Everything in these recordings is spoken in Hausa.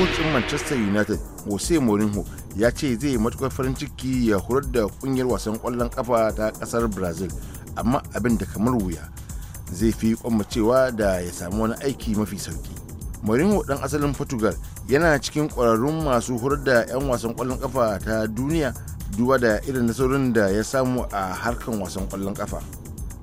kocin manchester united jose mourinho ya ce zai matukar farin ciki ya horar da kungiyar wasan kwallon kafa ta kasar brazil amma abin da kamar wuya zai fi kwamacewa da ya samu wani aiki mafi sauki mourinho dan asalin portugal yana cikin kwararrun masu horar da 'yan wasan kwallon kafa ta duniya duba da irin nasarorin da ya samu a harkan wasan kwallon kafa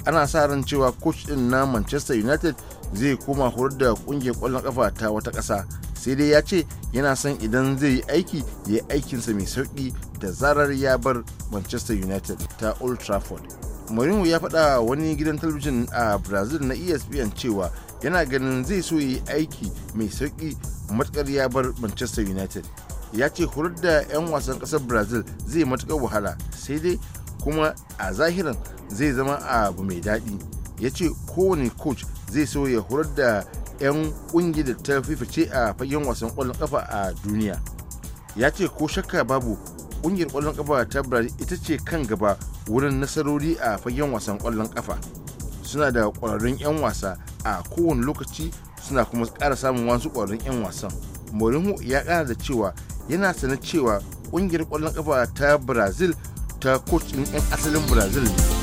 ana sa ran cewa coach din na manchester united zai koma horar da kungiyar kwallon kafa ta wata ƙasa sai dai ya ce yana son idan zai yi aiki ya yi aikinsa mai sauƙi da zarar ya bar manchester united ta old trafford mourinho ya faɗa wani gidan talabijin a brazil na espn cewa yana ganin zai so ya yi aiki mai sauƙi matukar ya bar manchester united ya ce horar da 'yan wasan ƙasar brazil zai matukar wahala sai dai kuma a zahiran zai zama abu mai daɗi ya ce kowane coach zai so ya horar da 'yan ƙungiyar da ta fice a fagen wasan kwallon kafa a duniya ya ce ko shakka babu ƙungiyar ƙwallon kafa ta brazil ita ce kan gaba wurin nasarori a fagen wasan ƙwallon kafa suna da ƙwararrun 'yan wasa a kowane lokaci suna kuma kara samun wasu kwararrun 'yan wasan mourinho ya kara da cewa yana sanar cewa ƙungiyar kwallon kafa ta brazil ta kocin ɗin 'yan asalin brazil ne